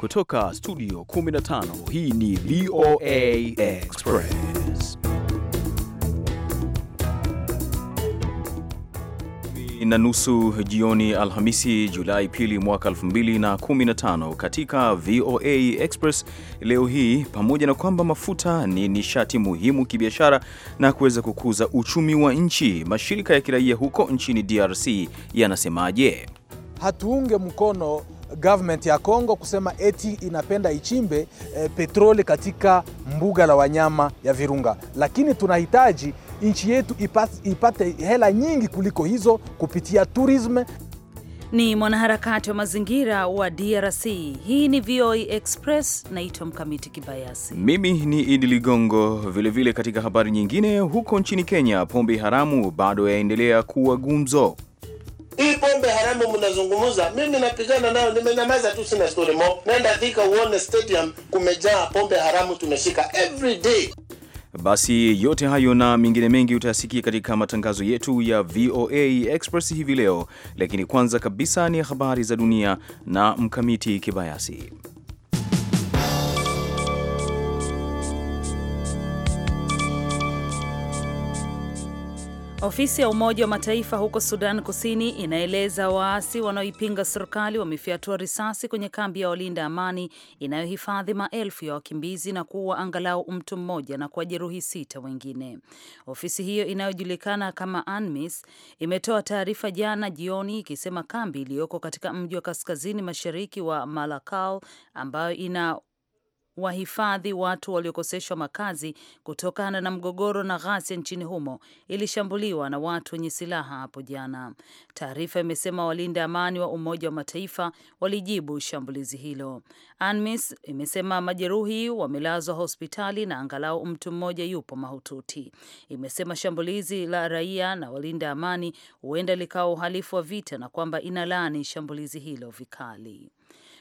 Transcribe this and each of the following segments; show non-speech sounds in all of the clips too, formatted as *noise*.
Kutoka studio 15 hii ni VOA Express. na nusu jioni Alhamisi, Julai pili mwaka 2015. Katika VOA Express leo hii, pamoja na kwamba mafuta ni nishati muhimu kibiashara na kuweza kukuza uchumi wa nchi, mashirika ya kiraia huko nchini DRC yanasemaje? Hatuunge mkono government ya Kongo kusema eti inapenda ichimbe e, petroli katika mbuga la wanyama ya Virunga, lakini tunahitaji nchi yetu ipate, ipate hela nyingi kuliko hizo kupitia tourism. Ni mwanaharakati wa mazingira wa DRC. Hii ni VOA Express, naitwa Mkamiti Kibayasi. Mimi ni Idi Ligongo. Vilevile katika habari nyingine, huko nchini Kenya, pombe haramu bado yaendelea kuwa gumzo. Hii pombe haramu mnazungumza, mimi napigana nayo, nimenyamaza tu, sina story mo. Nenda Thika uone stadium kumejaa pombe haramu, tumeshika every day. Basi yote hayo na mengine mengi utayasikia katika matangazo yetu ya VOA Express hivi leo, lakini kwanza kabisa ni habari za dunia na Mkamiti Kibayasi. Ofisi ya Umoja wa Mataifa huko Sudan Kusini inaeleza waasi wanaoipinga serikali wamefyatua risasi kwenye kambi ya walinda amani inayohifadhi maelfu ya wakimbizi na kuua angalau mtu mmoja na kuwajeruhi sita wengine. Ofisi hiyo inayojulikana kama ANMIS imetoa taarifa jana jioni ikisema kambi iliyoko katika mji wa kaskazini mashariki wa Malakal ambayo ina wahifadhi watu waliokoseshwa makazi kutokana na mgogoro na ghasia nchini humo ilishambuliwa na watu wenye silaha hapo jana. Taarifa imesema walinda amani wa Umoja wa Mataifa walijibu shambulizi hilo. ANMIS imesema majeruhi wamelazwa hospitali na angalau mtu mmoja yupo mahututi. Imesema shambulizi la raia na walinda amani huenda likawa uhalifu wa vita na kwamba inalaani shambulizi hilo vikali.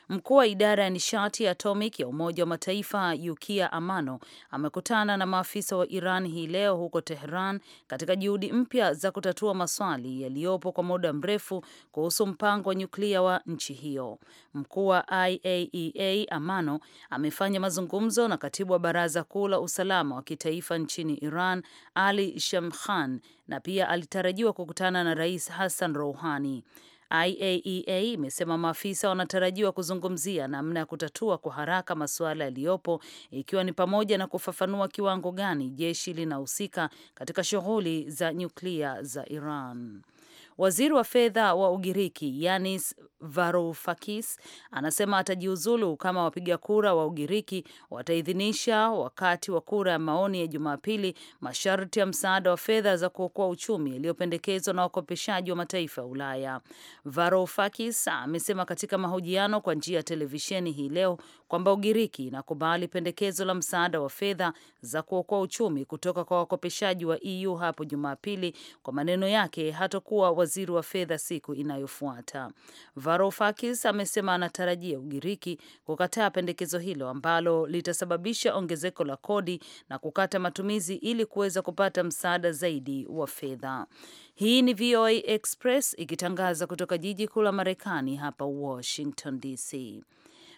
Mkuu wa idara ya nishati ya atomic ya Umoja wa Mataifa Yukia Amano amekutana na maafisa wa Iran hii leo huko Tehran katika juhudi mpya za kutatua maswali yaliyopo kwa muda mrefu kuhusu mpango wa nyuklia wa nchi hiyo. Mkuu wa IAEA e Amano amefanya mazungumzo na katibu wa Baraza Kuu la Usalama wa Kitaifa nchini Iran Ali Shamkhan na pia alitarajiwa kukutana na Rais Hassan Rouhani. IAEA e imesema maafisa wanatarajiwa kuzungumzia namna ya kutatua kwa haraka masuala yaliyopo ikiwa ni pamoja na kufafanua kiwango gani jeshi linahusika katika shughuli za nyuklia za Iran. Waziri wa fedha wa Ugiriki Yanis Varoufakis anasema atajiuzulu kama wapiga kura wa Ugiriki wataidhinisha wakati wa kura ya maoni ya Jumapili masharti ya msaada wa fedha za kuokoa uchumi yaliyopendekezwa na wakopeshaji wa mataifa ya Ulaya. Varoufakis amesema katika mahojiano kwa njia ya televisheni hii leo kwamba Ugiriki inakubali pendekezo la msaada wa fedha za kuokoa uchumi kutoka kwa wakopeshaji wa EU hapo Jumapili. Kwa maneno yake, hatakuwa waziri wa fedha siku inayofuata. Varoufakis amesema anatarajia Ugiriki kukataa pendekezo hilo ambalo litasababisha ongezeko la kodi na kukata matumizi ili kuweza kupata msaada zaidi wa fedha. Hii ni VOA Express ikitangaza kutoka jiji kuu la Marekani hapa Washington DC.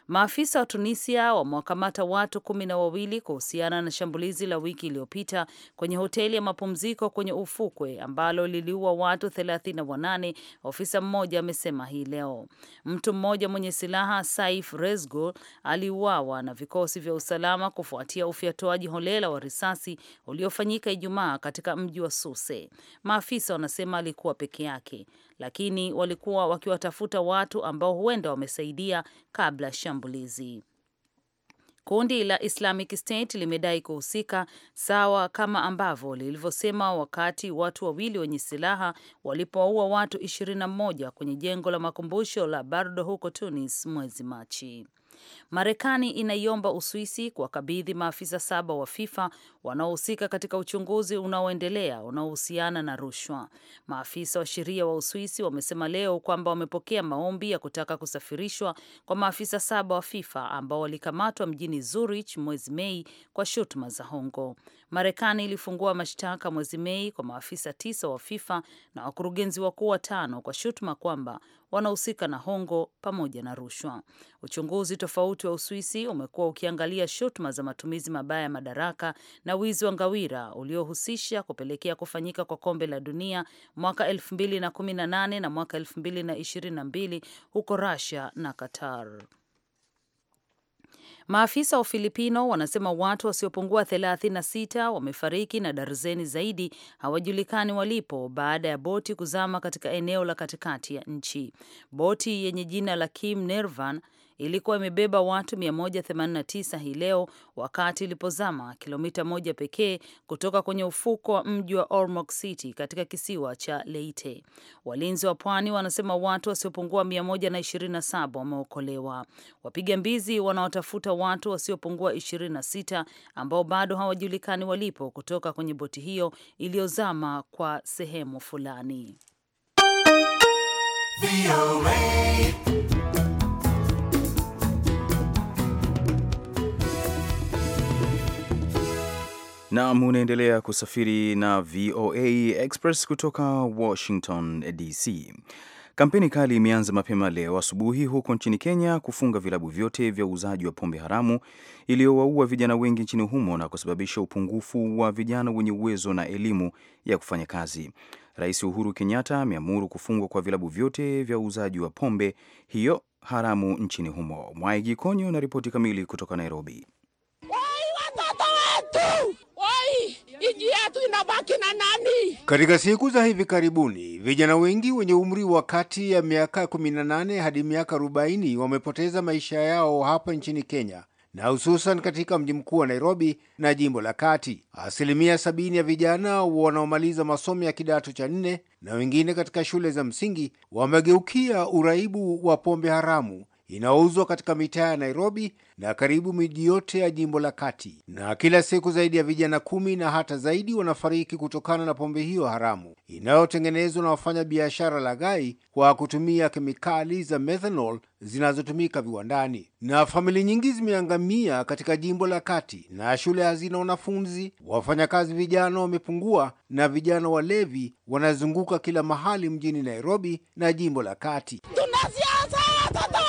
Maafisa wa Tunisia wamewakamata watu kumi na wawili kuhusiana na shambulizi la wiki iliyopita kwenye hoteli ya mapumziko kwenye ufukwe ambalo liliua watu na wanane ofisa mmoja amesema hii leo. Mtu mmoja mwenye silaha Saif resgul aliuawa na vikosi vya usalama kufuatia ufyatuaji holela wa risasi uliofanyika Ijumaa katika mji wa Suse. Maafisa wanasema alikuwa peke yake lakini walikuwa wakiwatafuta watu ambao huenda wamesaidia kabla shambulizi. Kundi la Islamic State limedai kuhusika sawa kama ambavyo lilivyosema wakati watu wawili wenye silaha walipowaua watu 21 kwenye jengo la makumbusho la Bardo huko Tunis mwezi Machi. Marekani inaiomba Uswisi kuwakabidhi maafisa saba wa FIFA wanaohusika katika uchunguzi unaoendelea unaohusiana na rushwa. Maafisa wa sheria wa Uswisi wamesema leo kwamba wamepokea maombi ya kutaka kusafirishwa kwa maafisa saba wa FIFA ambao walikamatwa mjini Zurich mwezi Mei kwa shutuma za hongo. Marekani ilifungua mashtaka mwezi Mei kwa maafisa tisa wa FIFA na wakurugenzi wakuu watano kwa shutuma kwamba wanahusika na hongo pamoja na rushwa. Uchunguzi tofauti wa Uswisi umekuwa ukiangalia shutuma za matumizi mabaya ya madaraka na wizi wa ngawira uliohusisha kupelekea kufanyika kwa kombe la dunia mwaka 2018 na mwaka 2022 huko Russia na Qatar. Maafisa wa Filipino wanasema watu wasiopungua 36 wamefariki na darzeni zaidi hawajulikani walipo baada ya boti kuzama katika eneo la katikati ya nchi. Boti yenye jina la Kim Nervan ilikuwa imebeba watu 189 hii leo wakati ilipozama kilomita moja pekee kutoka kwenye ufuko wa mji wa Ormoc City katika kisiwa cha leite Walinzi wa pwani wanasema watu wasiopungua 127 wameokolewa. Wapiga mbizi wanaotafuta watu wasiopungua 26 ambao bado hawajulikani walipo kutoka kwenye boti hiyo iliyozama kwa sehemu fulani. Naam, unaendelea kusafiri na VOA Express kutoka Washington DC. Kampeni kali imeanza mapema leo asubuhi huko nchini Kenya kufunga vilabu vyote vya uuzaji wa pombe haramu iliyowaua vijana wengi nchini humo na kusababisha upungufu wa vijana wenye uwezo na elimu ya kufanya kazi. Rais Uhuru Kenyatta ameamuru kufungwa kwa vilabu vyote vya uuzaji wa pombe hiyo haramu nchini humo. Mwaigi Konyo na ripoti kamili kutoka Nairobi. miji yetu inabaki na nani? Katika siku za hivi karibuni, vijana wengi wenye umri wa kati ya miaka 18 hadi miaka 40 wamepoteza maisha yao hapa nchini Kenya na hususan katika mji mkuu wa Nairobi na jimbo la kati. Asilimia sabini ya vijana wanaomaliza masomo ya kidato cha nne na wengine katika shule za msingi wamegeukia uraibu wa pombe haramu inauzwa katika mitaa ya Nairobi na karibu miji yote ya jimbo la kati, na kila siku zaidi ya vijana kumi na hata zaidi wanafariki kutokana na pombe hiyo haramu inayotengenezwa na wafanya biashara gai kwa kutumia kemikali za methanol zinazotumika viwandani. Na familia nyingi zimeangamia katika jimbo la kati, na shule hazina wanafunzi, wafanyakazi vijana wamepungua, na vijana walevi wanazunguka kila mahali mjini Nairobi na jimbo la kati. Tunasiasa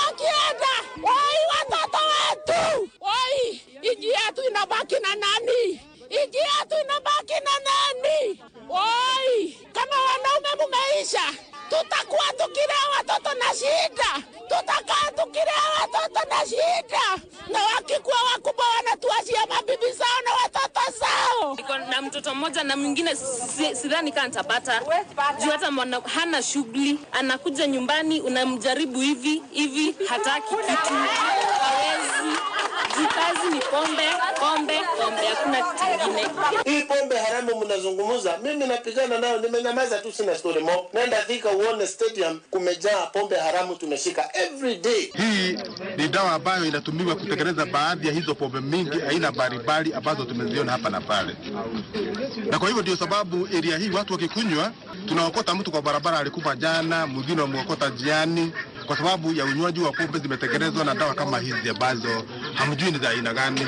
wakienda, wai watoto wetu, wai inji yetu inabaki na nani? Inji yetu inabaki na nani? Wai kama wanaume mumeisha, tutakuwa tukilea watoto na shida, tutakaa tukilea watoto na shida, na wakikuwa wakubwa wanatuachia mabibi zao na mtoto mmoja na mwingine sidhani kama nitapata juu hata mwana hana shughuli, anakuja nyumbani, unamjaribu hivi hivi, hataki kitu, hawezi juu ni pombe, pombe, pombe, hakuna kitu ingine Hii pombe haramu mnazungumza, mimi napigana nayo, nimenyamaza tu, sina story mo naenda Thika uone stadium kumejaa pombe haramu, tumeshika every day. Hii ni dawa ambayo inatumiwa kutengeneza baadhi ya hizo pombe mingi aina mbalimbali ambazo tumeziona hapa na pale na kwa hivyo ndio sababu eria hii watu wakikunywa, tunaokota mtu kwa barabara alikufa jana, mwingine wamwokota jiani, kwa sababu ya unywaji wa pombe zimetengenezwa na dawa kama hizi ambazo hamjui ni za aina gani.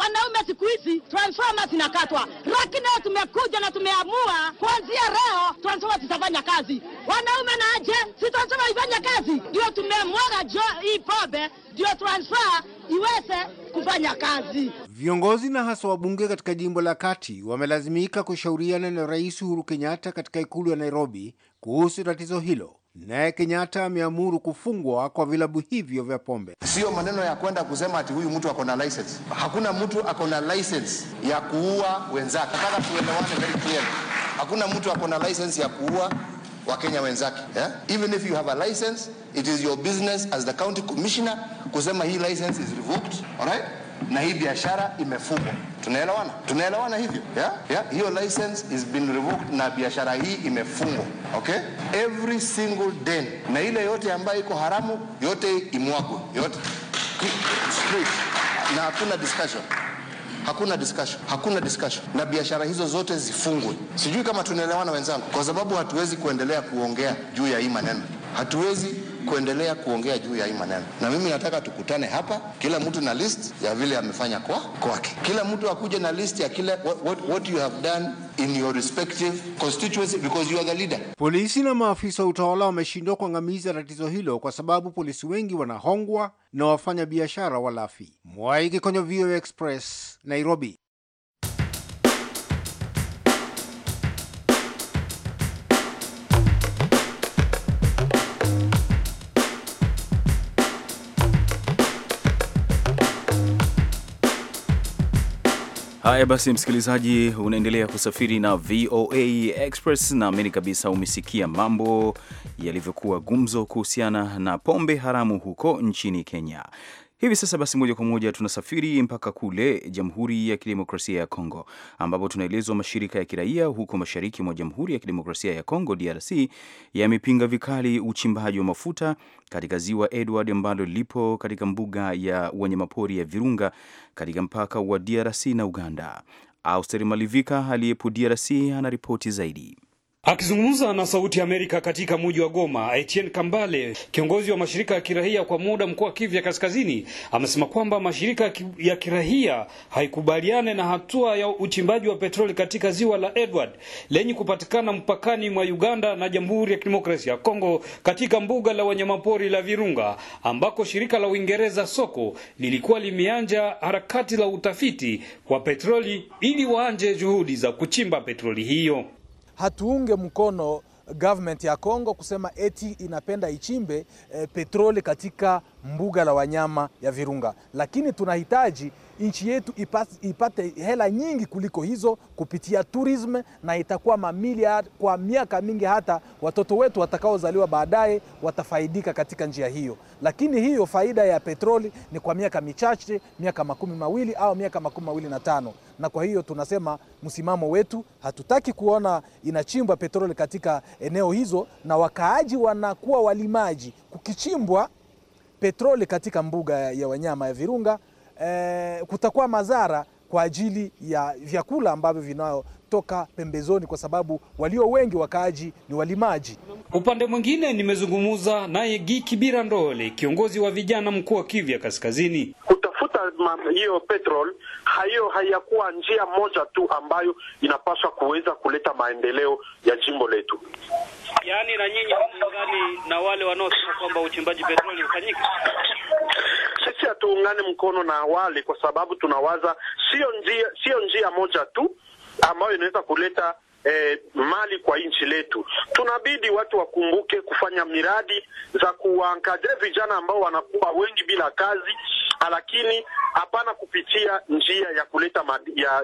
Wanaume siku hizi transforma zinakatwa, lakini leo tumekuja na tumeamua kuanzia leo transforma zitafanya kazi. Wanaume na aje, si transforma ifanya kazi, ndio tumemwaga hii pobe, ndio transforma iweze kufanya kazi. Viongozi na hasa wabunge katika jimbo la kati wamelazimika kushauriana na Rais Uhuru Kenyatta katika ikulu ya Nairobi kuhusu tatizo hilo naye Kenyatta ameamuru kufungwa kwa vilabu hivyo vya pombe. Siyo maneno ya kwenda kusema ati huyu mtu ako na license. Hakuna mtu ako na license ya kuua wenzake. Nataka tuelewane very clearly, hakuna mtu ako na license ya kuua Wakenya wenzake yeah? Even if you have a license, it is your business as the county commissioner kusema hii license is revoked, right? Na hii biashara imefungwa. Tunaelewana, tunaelewana hivyo yeah? Yeah? Hiyo license is been revoked na biashara hii imefungwa, okay? Every single den na ile yote ambayo iko haramu yote imwagwe yote Street. na hakuna discussion hakuna discussion, hakuna discussion, na biashara hizo zote zifungwe. Sijui kama tunaelewana wenzangu, kwa sababu hatuwezi kuendelea kuongea juu ya hii maneno. Hatuwezi kuendelea kuongea juu ya hii maneno, na mimi nataka tukutane hapa, kila mtu na list ya vile amefanya kwa kwake, kila mtu akuje na list ya kile what, what you have done in your respective constituency because you are the leader. Polisi na maafisa wa utawala wameshindwa kuangamiza tatizo hilo kwa sababu polisi wengi wanahongwa na wafanya biashara walafi. Mwaiki kwenye VOA Express, Nairobi. Haya basi, msikilizaji, unaendelea kusafiri na VOA Express, naamini kabisa umesikia mambo yalivyokuwa gumzo kuhusiana na pombe haramu huko nchini Kenya. Hivi sasa basi, moja kwa moja tunasafiri mpaka kule Jamhuri ya Kidemokrasia ya Kongo, ambapo tunaelezwa mashirika ya kiraia huko mashariki mwa Jamhuri ya Kidemokrasia ya Kongo, DRC, yamepinga vikali uchimbaji wa mafuta katika ziwa Edward ambalo lipo katika mbuga ya wanyamapori ya Virunga katika mpaka wa DRC na Uganda. Auster Malivika aliyepo DRC ana ripoti zaidi. Akizungumza na Sauti ya Amerika katika mji wa Goma, Etienne Kambale, kiongozi wa mashirika ya kirahia kwa muda mkoa wa Kivu ya Kaskazini, amesema kwamba mashirika ya kirahia haikubaliane na hatua ya uchimbaji wa petroli katika ziwa la Edward lenye kupatikana mpakani mwa Uganda na Jamhuri ya Kidemokrasia ya Kongo katika mbuga la wanyamapori la Virunga ambako shirika la Uingereza soko lilikuwa limeanja harakati la utafiti wa petroli ili waanje juhudi za kuchimba petroli hiyo hatuunge mkono government ya Kongo kusema eti inapenda ichimbe e, petroli katika mbuga la wanyama ya Virunga, lakini tunahitaji nchi yetu ipate, ipate hela nyingi kuliko hizo kupitia tourism, na itakuwa mamiliard kwa miaka mingi, hata watoto wetu watakaozaliwa baadaye watafaidika katika njia hiyo. Lakini hiyo faida ya petroli ni kwa miaka michache, miaka makumi mawili au miaka makumi mawili na tano. Na kwa hiyo tunasema msimamo wetu, hatutaki kuona inachimbwa petroli katika eneo hizo, na wakaaji wanakuwa walimaji kukichimbwa petroli katika mbuga ya wanyama ya Virunga eh, kutakuwa madhara kwa ajili ya vyakula ambavyo vinayotoka pembezoni, kwa sababu walio wengi wakaaji ni walimaji. Upande mwingine, nimezungumza naye Giki bira ndole kiongozi wa vijana mkuu wa Kivu ya Kaskazini. Kutafuta hiyo petrol hayo hayakuwa njia moja tu ambayo inapaswa kuweza kuleta maendeleo ya jimbo letu. Yaani na nyinyi mnadhani na wale wanaosema kwamba uchimbaji petroli ufanyike sisi hatuungane mkono na awali kwa sababu tunawaza sio njia, sio njia moja tu ambayo inaweza kuleta eh, mali kwa nchi letu. Tunabidi watu wakumbuke kufanya miradi za kuwankadre vijana ambao wanakuwa wengi bila kazi, lakini hapana kupitia njia ya kuleta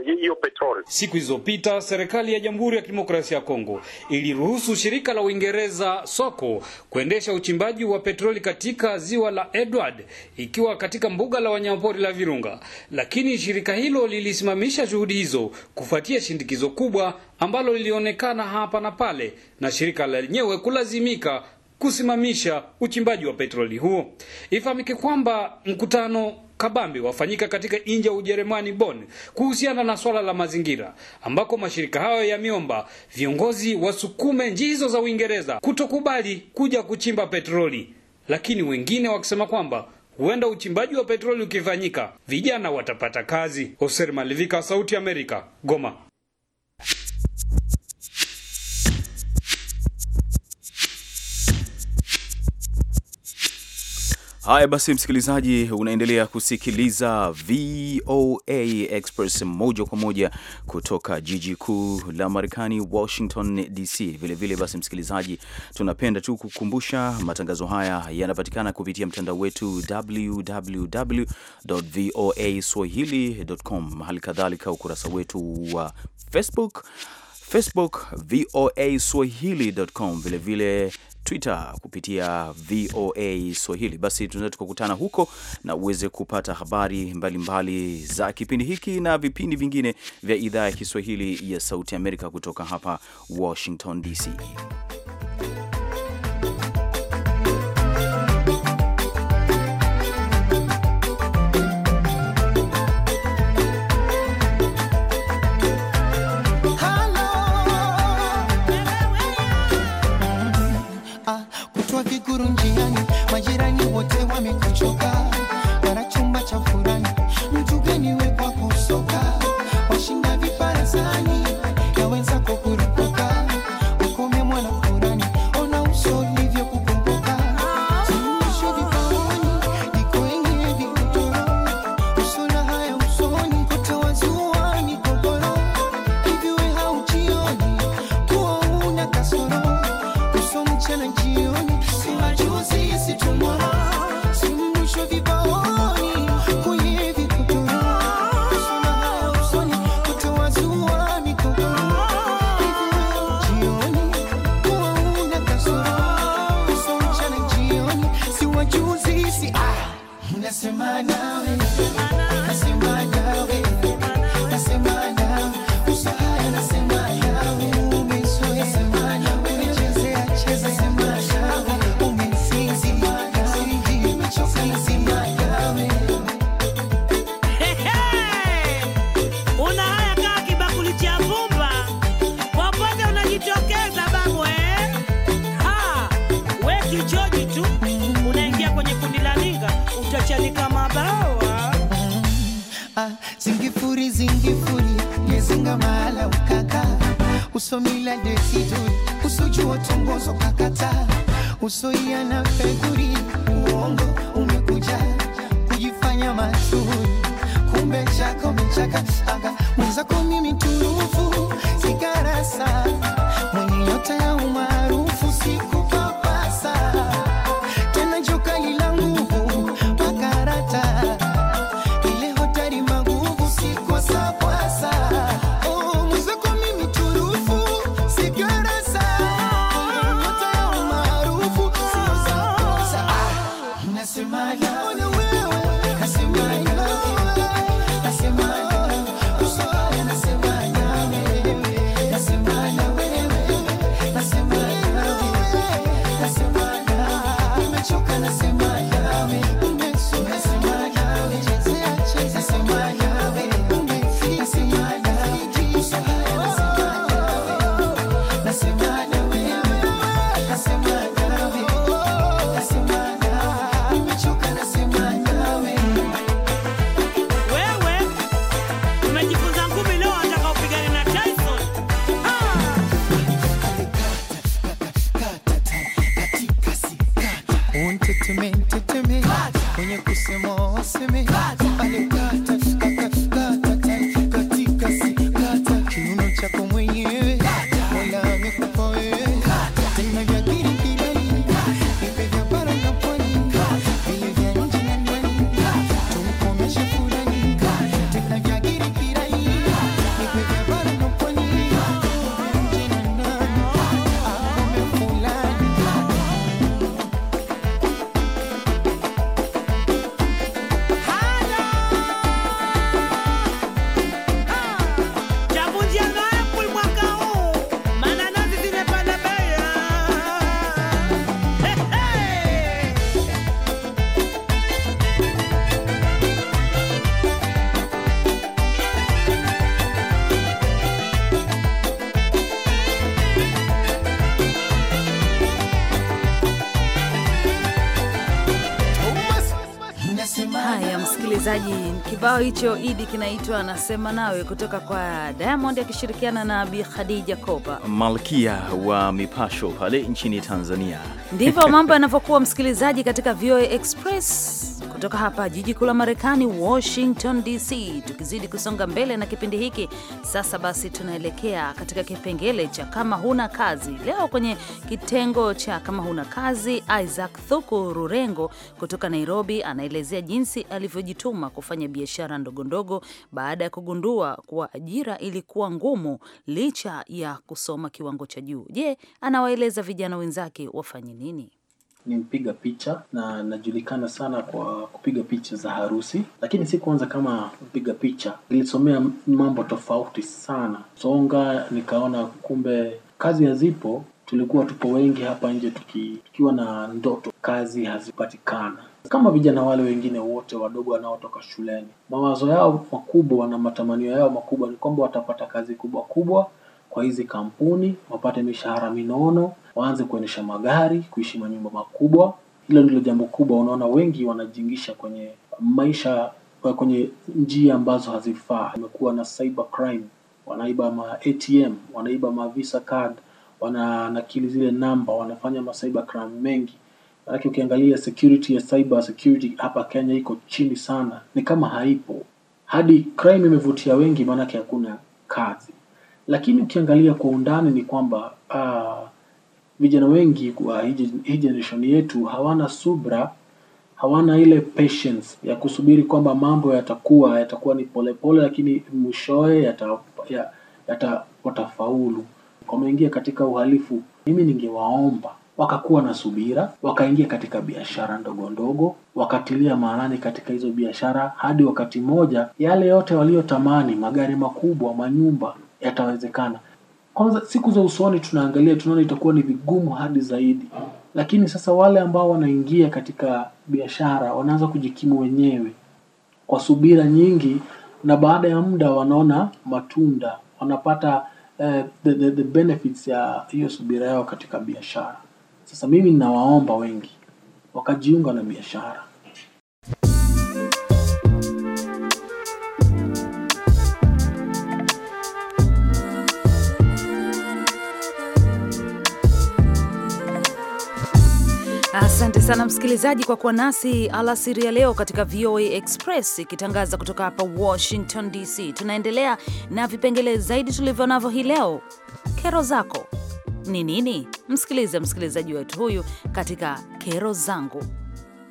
hiyo petroli. Siku zilizopita serikali ya Jamhuri ya Kidemokrasia ya Kongo iliruhusu shirika la Uingereza soko kuendesha uchimbaji wa petroli katika ziwa la Edward, ikiwa katika mbuga la wanyamapori la Virunga, lakini shirika hilo lilisimamisha juhudi hizo kufuatia shindikizo kubwa ambalo ambalo lilionekana hapa na pale na shirika lenyewe kulazimika kusimamisha uchimbaji wa petroli huo. Ifahamike kwamba mkutano kabambi wafanyika katika nje ya Ujerumani Bonn kuhusiana na swala la mazingira, ambako mashirika hayo yameomba viongozi wasukume nchi hizo za Uingereza kutokubali kuja kuchimba petroli, lakini wengine wakisema kwamba huenda uchimbaji wa petroli ukifanyika, vijana watapata kazi. Oser Malivika, Sauti Amerika, Goma. Haya basi, msikilizaji, unaendelea kusikiliza VOA Express moja kwa moja kutoka jiji kuu la Marekani, Washington DC. Vilevile vile basi, msikilizaji, tunapenda tu kukumbusha matangazo haya yanapatikana kupitia mtandao wetu www voa swahili.com, hali kadhalika ukurasa wetu wa Facebook Facebook VOA Swahili.com, vilevile Twitter kupitia VOA Swahili. Basi tunaweza tukakutana huko na uweze kupata habari mbalimbali mbali za kipindi hiki na vipindi vingine vya idhaa ya Kiswahili ya Sauti Amerika kutoka hapa Washington DC. wamekuchoka, wana chumba cha furaha usomila desijui usujua tongozo kakata usoiana fekuri uongo umekuja kujifanya mashuhuri kumbe chako mechaka aga mwenzako mimi turufu sigarasa mwenye nyota ya uma kibao hicho Idi kinaitwa anasema nawe, kutoka kwa Diamond akishirikiana na Bi Khadija Kopa, malkia wa mipasho pale nchini Tanzania. Ndivyo *laughs* mambo yanavyokuwa msikilizaji, katika VOA Express kutoka hapa jiji kuu la Marekani, Washington DC. Tukizidi kusonga mbele na kipindi hiki sasa, basi tunaelekea katika kipengele cha kama huna kazi. Leo kwenye kitengo cha kama huna kazi, Isaac Thuku Rurengo kutoka Nairobi anaelezea jinsi alivyojituma kufanya biashara ndogondogo baada ya kugundua kuwa ajira ilikuwa ngumu licha ya kusoma kiwango cha juu. Je, anawaeleza vijana wenzake wafanye nini? ni mpiga picha na najulikana sana kwa kupiga picha za harusi, lakini si kuanza kama mpiga picha. Nilisomea mambo tofauti sana, songa nikaona kumbe kazi hazipo. Tulikuwa tupo wengi hapa nje tuki, tukiwa na ndoto, kazi hazipatikana kama vijana wale wengine wote wadogo wanaotoka shuleni. Mawazo yao makubwa na matamanio yao makubwa ni kwamba watapata kazi kubwa kubwa kwa hizi kampuni, wapate mishahara minono, waanze kuendesha magari, kuishi manyumba makubwa. Hilo ndilo jambo kubwa, unaona wengi wanajiingisha kwenye maisha kwenye njia ambazo hazifaa. Imekuwa na cyber crime, wanaiba ma ATM, wanaiba ma Visa card, wananakili zile namba, wanafanya ma cyber crime mengi. Maanake ukiangalia security ya cyber security hapa Kenya iko chini sana, ni kama haipo. Hadi crime imevutia wengi, maanake hakuna kazi. Lakini ukiangalia kwa undani ni kwamba uh, vijana wengi kwa hii generation yetu hawana subra, hawana ile patience ya kusubiri kwamba mambo yatakuwa yatakuwa ni polepole pole, lakini mwishowe yata, ya, watafaulu. Wameingia katika uhalifu. Mimi ningewaomba wakakuwa na subira, wakaingia katika biashara ndogo ndogo, wakatilia maanani katika hizo biashara, hadi wakati moja yale yote waliotamani, magari makubwa, manyumba, yatawezekana. Kwanza siku za usoni tunaangalia, tunaona itakuwa ni vigumu hadi zaidi, lakini sasa wale ambao wanaingia katika biashara wanaanza kujikimu wenyewe kwa subira nyingi, na baada ya muda wanaona matunda, wanapata uh, the, the, the benefits ya hiyo subira yao katika biashara. Sasa mimi ninawaomba wengi wakajiunga na biashara. sana msikilizaji kwa kuwa nasi alasiri ya leo katika VOA Express ikitangaza kutoka hapa Washington DC. Tunaendelea na vipengele zaidi tulivyo navyo hii leo. Kero zako ni nini? Msikilize msikilizaji wetu huyu katika kero zangu.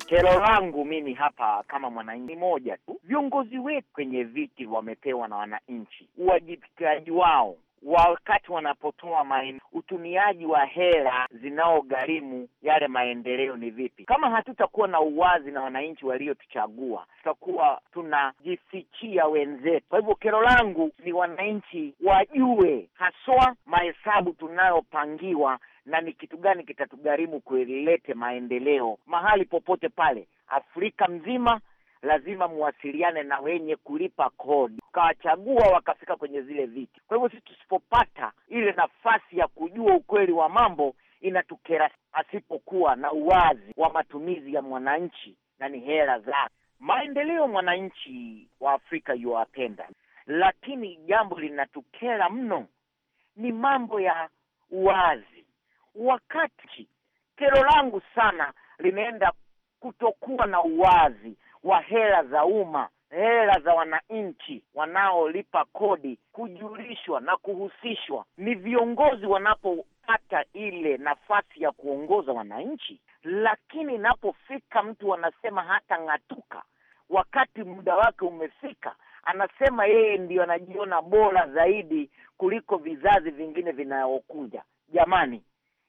Kero langu mimi hapa kama mwananchi moja tu, viongozi wetu kwenye viti wamepewa na wananchi, uwajibikaji wao wakati wanapotoa maeneo, utumiaji wa hela zinaogharimu yale maendeleo ni vipi? Kama hatutakuwa na uwazi na wananchi waliotuchagua, tutakuwa tunajifichia wenzetu. Kwa hivyo kero langu ni wananchi wajue haswa mahesabu tunayopangiwa na ni kitu gani kitatugharimu kuilete maendeleo mahali popote pale Afrika mzima lazima muwasiliane na wenye kulipa kodi, ukawachagua wakafika kwenye zile viti. Kwa hivyo sisi tusipopata ile nafasi ya kujua ukweli wa mambo inatukera, asipokuwa na uwazi wa matumizi ya mwananchi na ni hela zake. Maendeleo mwananchi wa Afrika yuwapenda, lakini jambo linatukera mno ni mambo ya uwazi. Wakati kero langu sana linaenda kutokuwa na uwazi kwa hela za umma, hela za wananchi wanaolipa kodi, kujulishwa na kuhusishwa. Ni viongozi wanapopata ile nafasi ya kuongoza wananchi, lakini inapofika mtu anasema hata ng'atuka, wakati muda wake umefika, anasema yeye ndio anajiona bora zaidi kuliko vizazi vingine vinayokuja. Jamani,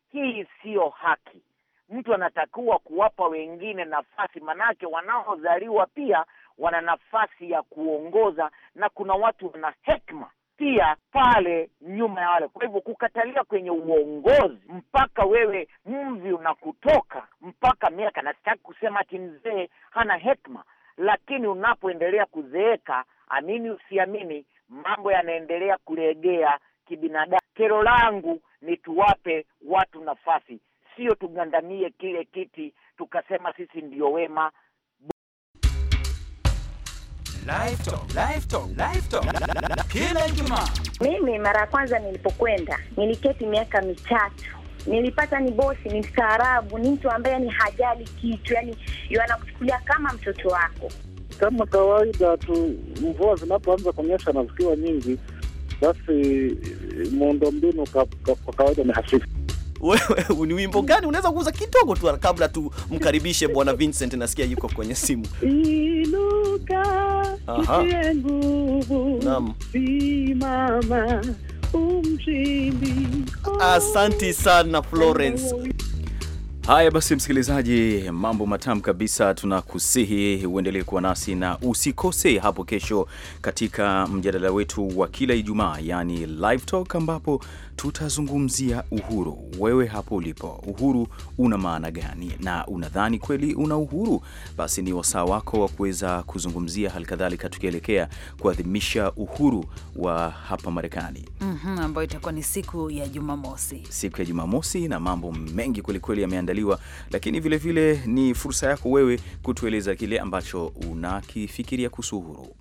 hii siyo haki mtu anatakiwa kuwapa wengine nafasi, manake wanaozaliwa pia wana nafasi ya kuongoza, na kuna watu wana hekima pia pale nyuma ya wale. Kwa hivyo kukatalia kwenye uongozi mpaka wewe mvi unakutoka mpaka miaka, nasitaki kusema ati mzee hana hekima, lakini unapoendelea kuzeeka, amini usiamini, mambo yanaendelea kulegea kibinadamu. Kero langu ni tuwape watu nafasi sio tugandamie kile kiti tukasema sisi ndio wema. Kila Ijumaa mimi mara ya kwanza nilipokwenda niliketi miaka mitatu nilipata ni bosi, ni mstaarabu, ni mtu ambaye ni hajali kitu, yani anakuchukulia kama mtoto wako. Kama kawaida tu, mvua zinapoanza kuonyesha na zikiwa nyingi, basi eh, muundombinu kwa kawaida ni hafifu wewe ni wimbo gani unaweza kuuza kidogo tu kabla tumkaribishe bwana Vincent, nasikia yuko kwenye simu. Inuka Asanti sana oh, Florence. Oh, oh. Haya basi, msikilizaji, mambo matamu kabisa. Tunakusihi uendelee kuwa nasi na usikose hapo kesho katika mjadala wetu wa kila Ijumaa, yani live talk, ambapo tutazungumzia uhuru. Wewe hapo ulipo, uhuru una maana gani? Na unadhani kweli una uhuru? Basi ni wasaa wako wa kuweza kuzungumzia, hali kadhalika tukielekea kuadhimisha uhuru wa hapa Marekani mm -hmm, ambayo itakuwa ni siku ya Jumamosi, siku ya Jumamosi, na mambo mengi kwelikweli yameandaliwa, lakini vilevile vile ni fursa yako wewe kutueleza kile ambacho unakifikiria kuhusu uhuru.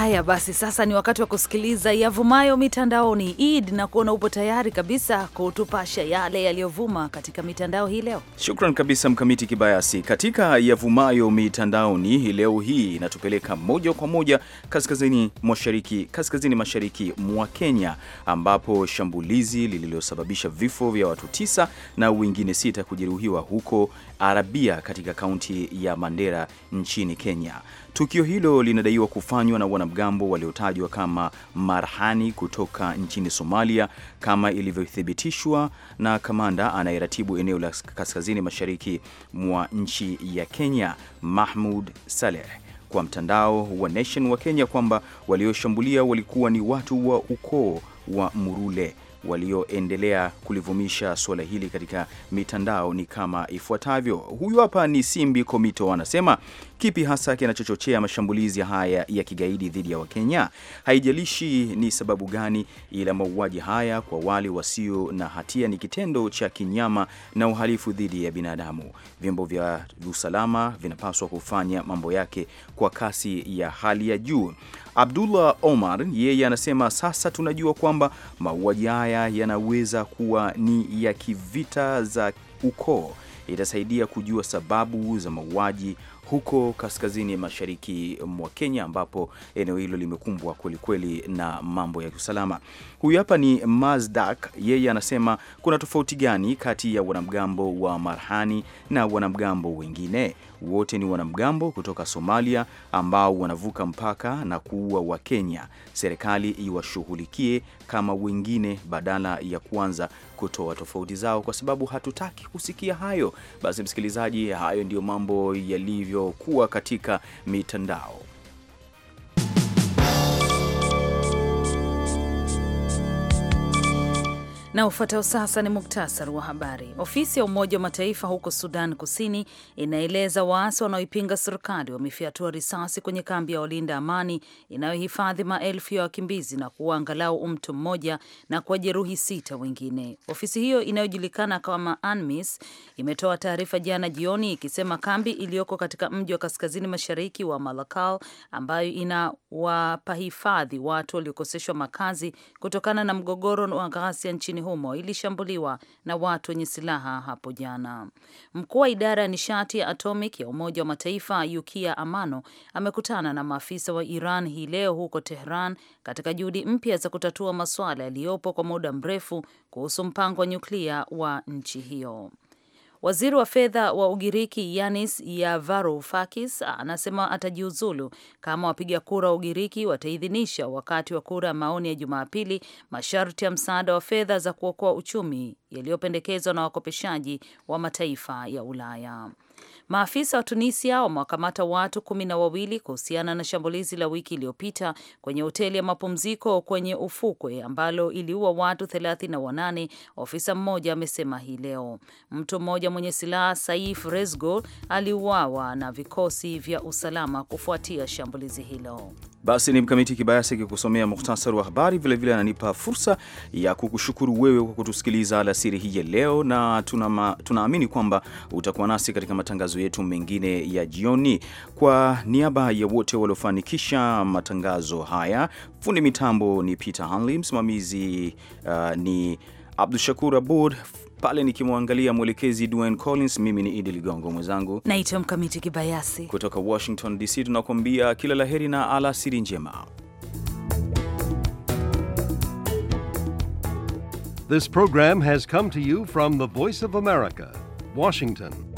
Haya basi, sasa ni wakati wa kusikiliza yavumayo mitandaoni. Id na kuona upo tayari kabisa kutupasha yale yaliyovuma katika mitandao hii leo. Shukran kabisa Mkamiti Kibayasi. Katika yavumayo mitandaoni hii leo hii inatupeleka moja kwa moja kaskazini mashariki, kaskazini mashariki mwa Kenya ambapo shambulizi lililosababisha vifo vya watu tisa na wengine sita kujeruhiwa huko Arabia katika kaunti ya Mandera nchini Kenya Tukio hilo linadaiwa kufanywa na wanamgambo waliotajwa kama marhani kutoka nchini Somalia, kama ilivyothibitishwa na kamanda anayeratibu eneo la kaskazini mashariki mwa nchi ya Kenya, Mahmud Saleh kwa mtandao wa Nation wa Kenya kwamba walioshambulia walikuwa ni watu wa ukoo wa Murule walioendelea kulivumisha suala hili katika mitandao ni kama ifuatavyo. Huyu hapa ni Simbi Komito, anasema kipi hasa kinachochochea mashambulizi haya ya kigaidi dhidi ya Wakenya? Haijalishi ni sababu gani, ila mauaji haya kwa wale wasio na hatia ni kitendo cha kinyama na uhalifu dhidi ya binadamu. Vyombo vya usalama vinapaswa kufanya mambo yake kwa kasi ya hali ya juu. Abdullah Omar yeye anasema sasa tunajua kwamba mauaji haya yanaweza kuwa ni ya kivita za ukoo. Itasaidia kujua sababu za mauaji huko kaskazini mashariki mwa Kenya, ambapo eneo hilo limekumbwa kwelikweli na mambo ya kiusalama. Huyu hapa ni Mazdak, yeye anasema kuna tofauti gani kati ya wanamgambo wa Marhani na wanamgambo wengine? Wote ni wanamgambo kutoka Somalia ambao wanavuka mpaka na kuua wa kenya Serikali iwashughulikie kama wengine, badala ya kuanza kutoa tofauti zao, kwa sababu hatutaki kusikia hayo. Basi msikilizaji, hayo ndiyo mambo yalivyokuwa katika mitandao. Na ufuatao sasa ni muktasari wa habari. Ofisi ya Umoja wa Mataifa huko Sudan Kusini inaeleza waasi wanaoipinga serikali wamefyatua risasi kwenye kambi ya walinda amani inayohifadhi maelfu ya wakimbizi na kuua angalau mtu mmoja na kuwajeruhi sita wengine. Ofisi hiyo inayojulikana kama ANMIS imetoa taarifa jana jioni ikisema kambi iliyoko katika mji wa kaskazini mashariki wa Malakal ambayo inawapa hifadhi watu waliokoseshwa makazi kutokana na mgogoro wa ghasia nchini nchini humo ilishambuliwa na watu wenye silaha hapo jana. Mkuu wa idara ya nishati ya atomic ya Umoja wa Mataifa Yukia Amano amekutana na maafisa wa Iran hii leo huko Tehran katika juhudi mpya za kutatua masuala yaliyopo kwa muda mrefu kuhusu mpango wa nyuklia wa nchi hiyo. Waziri wa fedha wa Ugiriki Yanis Yavaroufakis anasema atajiuzulu kama wapiga kura wa Ugiriki wataidhinisha wakati wa kura ya maoni ya Jumapili masharti ya msaada wa fedha za kuokoa uchumi yaliyopendekezwa na wakopeshaji wa mataifa ya Ulaya. Maafisa wa Tunisia wamewakamata watu kumi na wawili kuhusiana na shambulizi la wiki iliyopita kwenye hoteli ya mapumziko kwenye ufukwe ambalo iliua watu wanane, ofisa mmoja amesema hii leo. Mtu mmoja mwenye silaha Saif Resgo aliuawa na vikosi vya usalama kufuatia shambulizi hilo. Basi ni Mkamiti Kibayasi akikusomea muhtasari wa habari. Vilevile ananipa fursa ya kukushukuru wewe kwa kutusikiliza alasiri hii ya leo, na tunaamini tuna kwamba utakuwa nasi katika matangazo yetu mengine ya jioni. Kwa niaba ya wote waliofanikisha matangazo haya, fundi mitambo ni Peter Hanley, msimamizi uh, ni Abdu Shakur Abud pale nikimwangalia mwelekezi Dwayne Collins. Mimi ni Idi Ligongo, mwenzangu naitwa Mkamiti Kibayasi kutoka Washington DC. Tunakuambia kila la heri na alasiri njema. This program has come to you from the Voice of America, Washington.